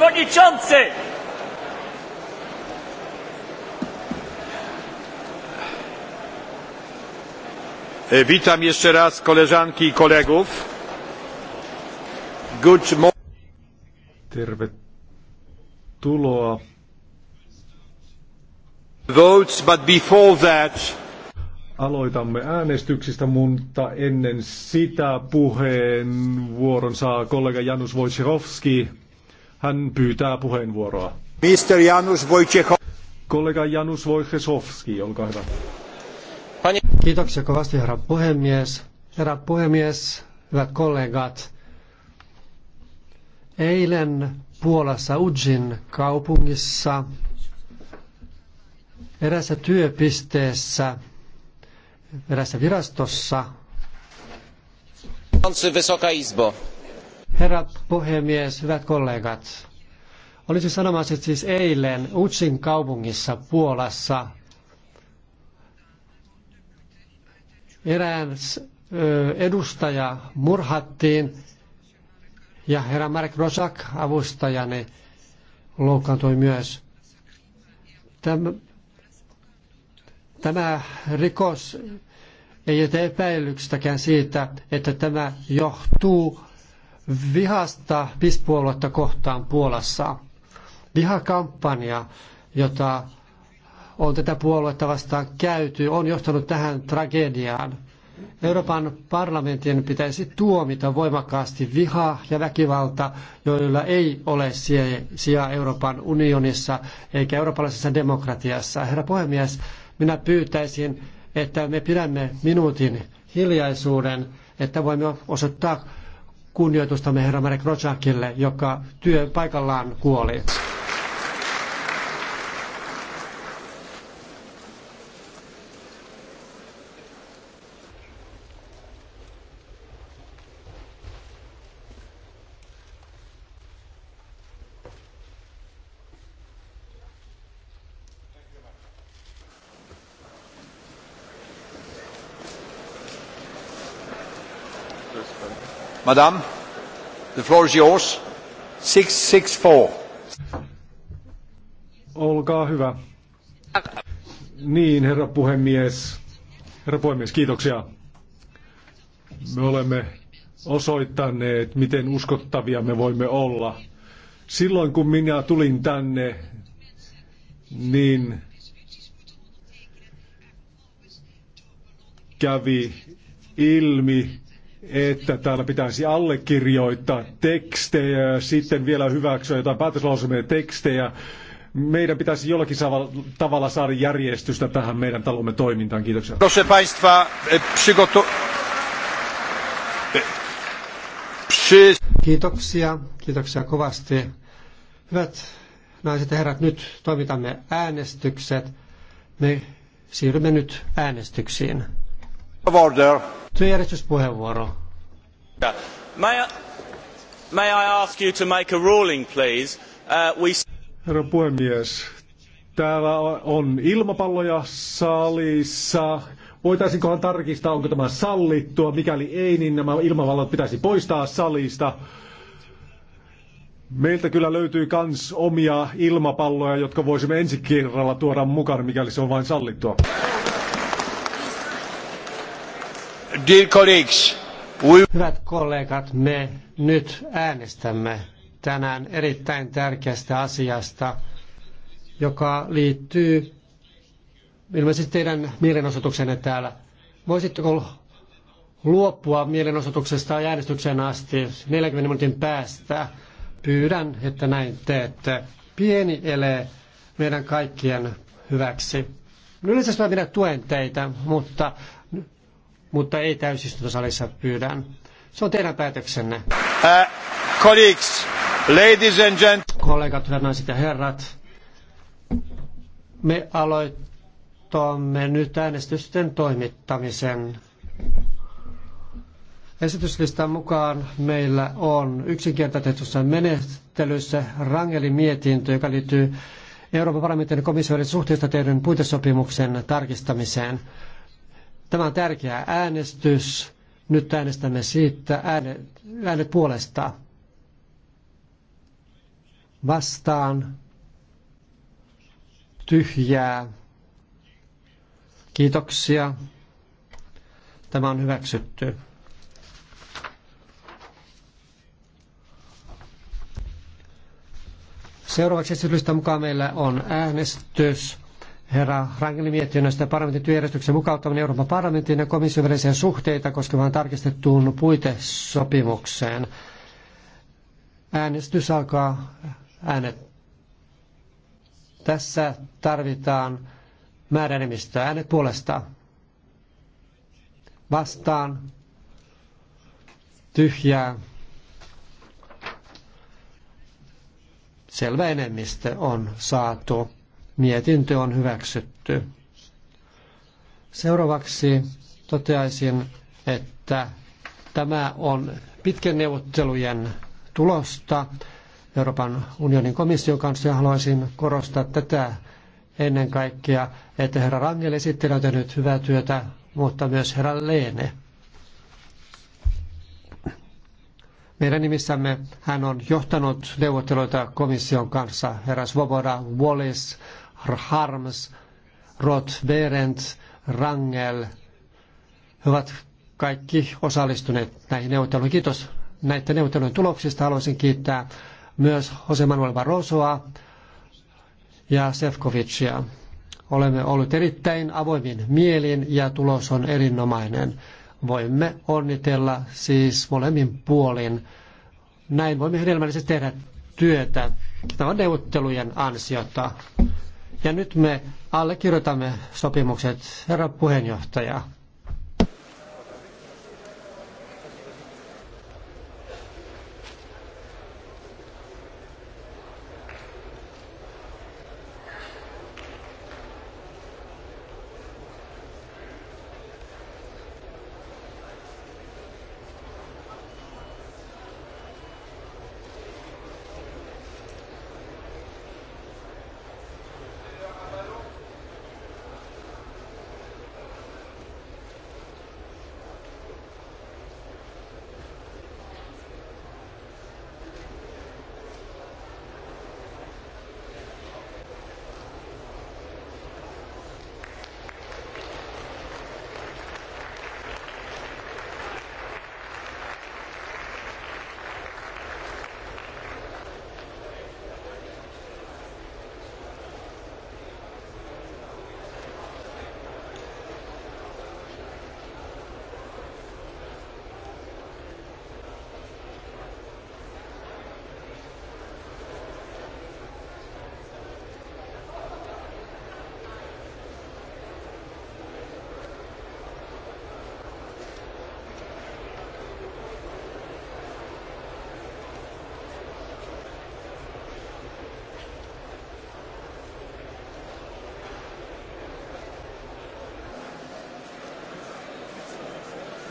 przewodniczący! E, witam jeszcze raz koleżanki i kolegów. Good Tervetuloa. Votes, but before that... Aloitamme äänestyksistä, mutta ennen sitä puheenvuoron saa kollega Janus Wojciechowski. Hän pyytää puheenvuoroa. Mr. Janusz Wojciechowski. Kollega Janusz Wojciechowski, olkaa hyvä. Kiitoksia kovasti, herra puhemies. Herra puhemies, hyvät kollegat. Eilen Puolassa Udjin kaupungissa erässä työpisteessä, erässä virastossa. Wysoka Herra puhemies, hyvät kollegat, olisin sanomassa, että siis eilen Utsin kaupungissa Puolassa erään edustaja murhattiin ja herra Mark Rosak avustajani loukkaantui myös. Tämä, tämä rikos ei ole epäilyksestäkään siitä, että tämä johtuu vihasta pispuoluetta kohtaan Puolassa. Vihakampanja, jota on tätä puoluetta vastaan käyty, on johtanut tähän tragediaan. Euroopan parlamentin pitäisi tuomita voimakkaasti viha ja väkivalta, joilla ei ole sijaa Euroopan unionissa eikä eurooppalaisessa demokratiassa. Herra puhemies, minä pyytäisin, että me pidämme minuutin hiljaisuuden, että voimme osoittaa kunnioitustamme herra Marek Rojakille, joka työ paikallaan kuoli. Madame, the floor is yours. 664. Olkaa hyvä. Niin, herra puhemies. Herra puhemies, kiitoksia. Me olemme osoittaneet, miten uskottavia me voimme olla. Silloin kun minä tulin tänne, niin kävi ilmi, että täällä pitäisi allekirjoittaa tekstejä, sitten vielä hyväksyä jotain päätöslausumien tekstejä. Meidän pitäisi jollakin tavalla saada järjestystä tähän meidän talomme toimintaan. Kiitoksia. Proszę Państwa, e, przygotu... Przy... Kiitoksia, kiitoksia kovasti. Hyvät naiset ja herrat, nyt toimitamme äänestykset. Me siirrymme nyt äänestyksiin. Työjärjestyspuheenvuoro. May I, ask you to make a ruling, please? Uh, we... Herra puhemies, täällä on ilmapalloja salissa. Voitaisinkohan tarkistaa, onko tämä sallittua? Mikäli ei, niin nämä ilmavallot pitäisi poistaa salista. Meiltä kyllä löytyy kans omia ilmapalloja, jotka voisimme ensi kerralla tuoda mukaan, mikäli se on vain sallittua. Dear colleagues, we... Hyvät kollegat, me nyt äänestämme tänään erittäin tärkeästä asiasta, joka liittyy ilmeisesti teidän mielenosoituksenne täällä. Voisitteko luopua mielenosoituksesta äänestyksen asti 40 minuutin päästä? Pyydän, että näin teette. Pieni ele meidän kaikkien hyväksi. No, Yleisesti minä tuen teitä, mutta mutta ei täysistuntosalissa pyydän. Se on teidän päätöksenne. Uh, colleagues, ladies and gentlemen. Kollegat, hyvät naiset ja herrat, me aloitamme nyt äänestysten toimittamisen. Esityslistan mukaan meillä on yksinkertaisessa menettelyssä Rangelin mietintö, joka liittyy Euroopan parlamentin komissioiden suhteesta tehdyn puitesopimuksen tarkistamiseen. Tämä on tärkeä äänestys. Nyt äänestämme siitä äänet, äänet puolesta. Vastaan. Tyhjää. Kiitoksia. Tämä on hyväksytty. Seuraavaksi esitystä mukaan meillä on äänestys herra Rangelin näistä parlamentin työjärjestyksen mukauttaminen Euroopan parlamentin ja komission välisiä suhteita koskevaan tarkistettuun puitesopimukseen. Äänestys alkaa äänet. Tässä tarvitaan määräenemmistöä. Äänet puolesta. Vastaan. Tyhjää. Selvä enemmistö on saatu. Mietintö on hyväksytty. Seuraavaksi toteaisin, että tämä on pitkän neuvottelujen tulosta Euroopan unionin komission kanssa ja haluaisin korostaa tätä ennen kaikkea, että herra Rangel esittely on tehnyt hyvää työtä, mutta myös herra Leene. Meidän nimissämme hän on johtanut neuvotteluita komission kanssa. Herra Svoboda, Wallis, Harms, Roth, Berendt, Rangel. He ovat kaikki osallistuneet näihin neuvotteluihin. Kiitos näiden neuvottelujen tuloksista. Haluaisin kiittää myös Jose Manuel Barrosoa ja Sefcovicia. Olemme olleet erittäin avoimin mielin ja tulos on erinomainen. Voimme onnitella siis molemmin puolin. Näin voimme hedelmällisesti tehdä työtä. Tämä on neuvottelujen ansiota. Ja nyt me allekirjoitamme sopimukset, herra puheenjohtaja.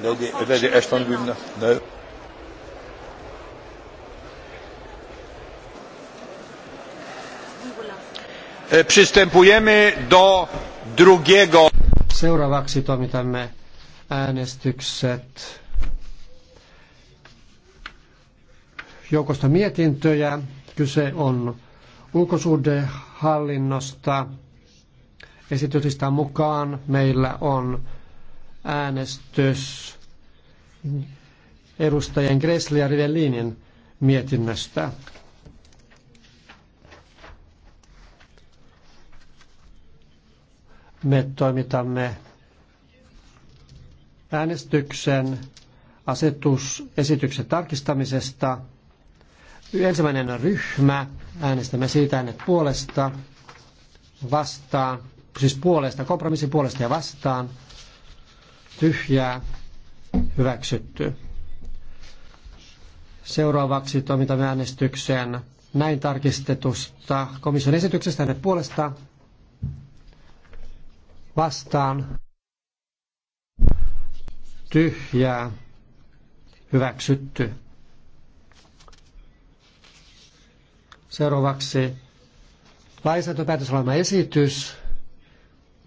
Lady, Lady Ashton Gunn. No. E, przystępujemy do drugiego. Seuraavaksi toimitamme äänestykset joukosta mietintöjä. Kyse on ulkosuhdehallinnosta. Esityslistan mukaan meillä on äänestys edustajien Gressel ja Rivellinin mietinnöstä. Me toimitamme äänestyksen asetusesityksen tarkistamisesta. Ensimmäinen ryhmä. Äänestämme siitä äänet puolesta, vastaan, siis puolesta, kompromissin puolesta ja vastaan tyhjää hyväksytty. Seuraavaksi toimitamme äänestykseen näin tarkistetusta komission esityksestä hänet puolesta vastaan tyhjää hyväksytty. Seuraavaksi lainsäädäntöpäätöslauselma esitys,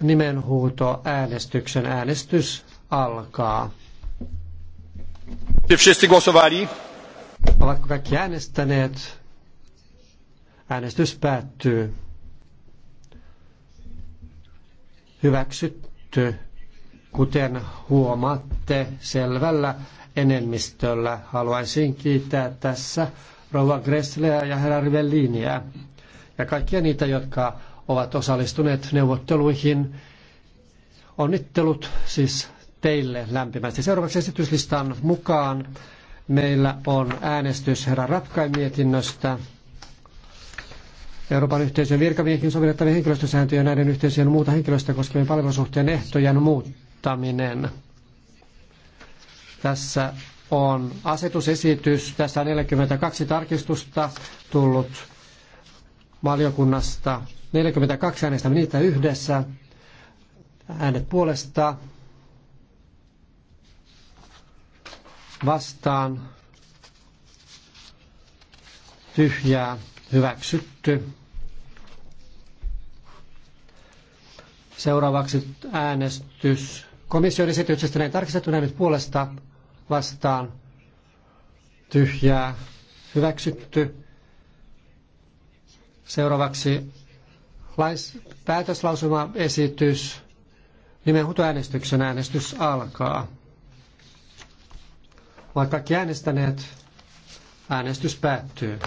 nimenhuuto, äänestyksen äänestys alkaa. Wszyscy głosowali? Ovatko kaikki äänestäneet? Äänestys päättyy. Hyväksytty, kuten huomaatte selvällä enemmistöllä. Haluaisin kiittää tässä rouva Gressleä ja herra Rivelliniä ja kaikkia niitä, jotka ovat osallistuneet neuvotteluihin. Onnittelut siis teille lämpimästi. Seuraavaksi esityslistan mukaan meillä on äänestys herra Rapkain mietinnöstä. Euroopan yhteisön virkamiehiin sovellettavien henkilöstösääntöjen ja näiden yhteisöjen muuta henkilöstöä koskevien palvelusuhteen ehtojen muuttaminen. Tässä on asetusesitys. Tässä on 42 tarkistusta tullut valiokunnasta. 42 äänestä niitä yhdessä. Äänet puolesta vastaan tyhjää hyväksytty. Seuraavaksi äänestys komission esityksestä näin tarkistettuna nyt puolesta vastaan tyhjää hyväksytty. Seuraavaksi lais, päätöslausumaesitys. Nimenhuutoäänestyksen äänestys alkaa. Vaikka kaikki äänestäneet. Äänestys päättyy.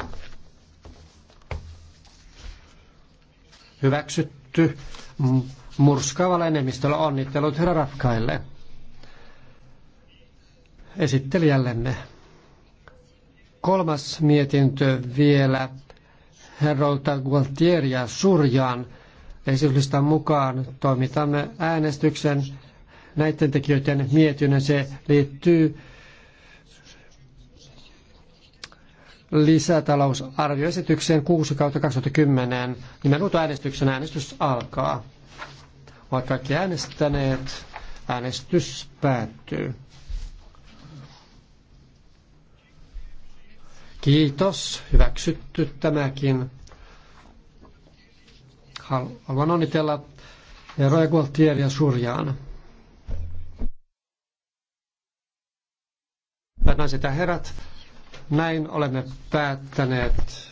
Hyväksytty murskaavalla enemmistöllä onnittelut herra Rafkaille. Esittelijällemme. Kolmas mietintö vielä herrolta Gualtieria Surjaan. Esityslistan mukaan toimitamme äänestyksen näiden tekijöiden mietinnön. Se liittyy lisätalousarvioesitykseen 6 kautta 2010. Nimenomaan äänestyksen äänestys alkaa. Ovat kaikki äänestäneet. Äänestys päättyy. Kiitos. Hyväksytty tämäkin. Haluan onnitella Roy ja Surjaan. Hyvät naiset ja herrat, näin olemme päättäneet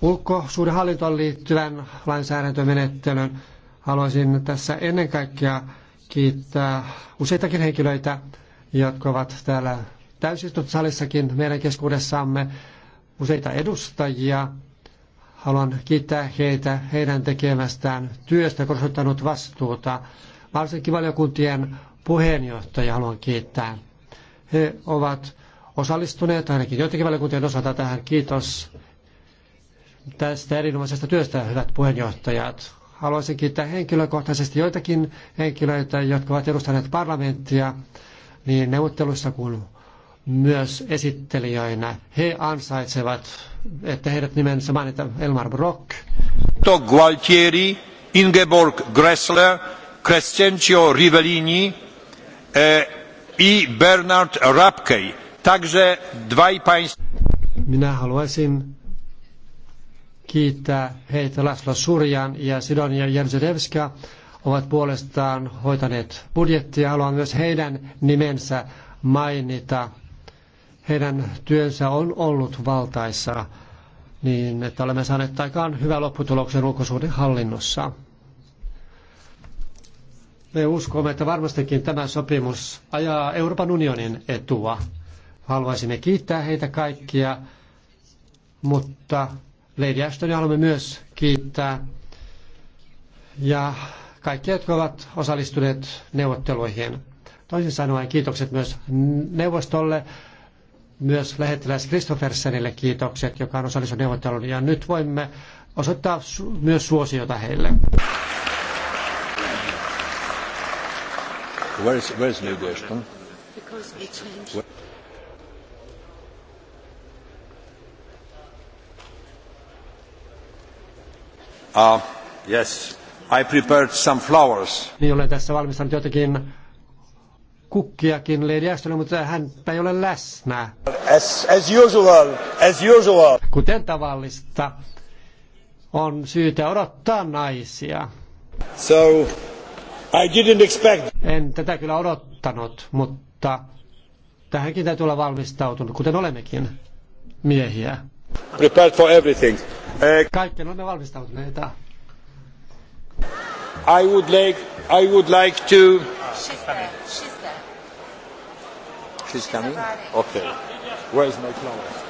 ulkosuudenhallintoon liittyvän lainsäädäntömenettelyn. Haluaisin tässä ennen kaikkea kiittää useitakin henkilöitä, jotka ovat täällä täysistuntosalissakin meidän keskuudessamme, useita edustajia. Haluan kiittää heitä heidän tekemästään työstä, korostunut vastuuta. Varsinkin valiokuntien puheenjohtaja haluan kiittää. He ovat osallistuneet, ainakin joitakin valiokuntien osalta tähän. Kiitos tästä erinomaisesta työstä, hyvät puheenjohtajat. Haluaisin kiittää henkilökohtaisesti joitakin henkilöitä, jotka ovat edustaneet parlamenttia niin neuvotteluissa kuin myös esittelijöinä. He ansaitsevat, että heidät nimensä mainita Elmar Brock. Tog Gualtieri, Ingeborg Gressler, Crescencio Rivellini eh, i Bernard Rapkei. Także dwaj państwa. Minä haluaisin kiittää heitä Laszlo Surjan ja Sidonia Jerzydevska ovat puolestaan hoitaneet budjettia. Haluan myös heidän nimensä mainita. Heidän työnsä on ollut valtaissa niin, että olemme saaneet aikaan hyvän lopputuloksen ulkosuuden hallinnossa. Me uskomme, että varmastikin tämä sopimus ajaa Euroopan unionin etua. Haluaisimme kiittää heitä kaikkia, mutta Lady Ashtonia haluamme myös kiittää ja kaikkia, jotka ovat osallistuneet neuvotteluihin. Toisin sanoen kiitokset myös neuvostolle, myös lähettiläs Kristoffersenille kiitokset, joka on osallistunut neuvotteluun. Ja nyt voimme osoittaa myös suosiota heille. Where is, where is Ah, niin olen tässä valmistanut jotakin kukkiakin Lady Ashtonille, mutta hän ei ole läsnä. As, as usual, as usual. Kuten tavallista, on syytä odottaa naisia. So, I didn't expect. En tätä kyllä odottanut, mutta tähänkin täytyy olla valmistautunut, kuten olemmekin miehiä. Prepared for everything. Eh, Kaikkeen ne valmistautuneita. I would like, I would like to... She's coming. She's, She's coming? Okay. Where's my clothes?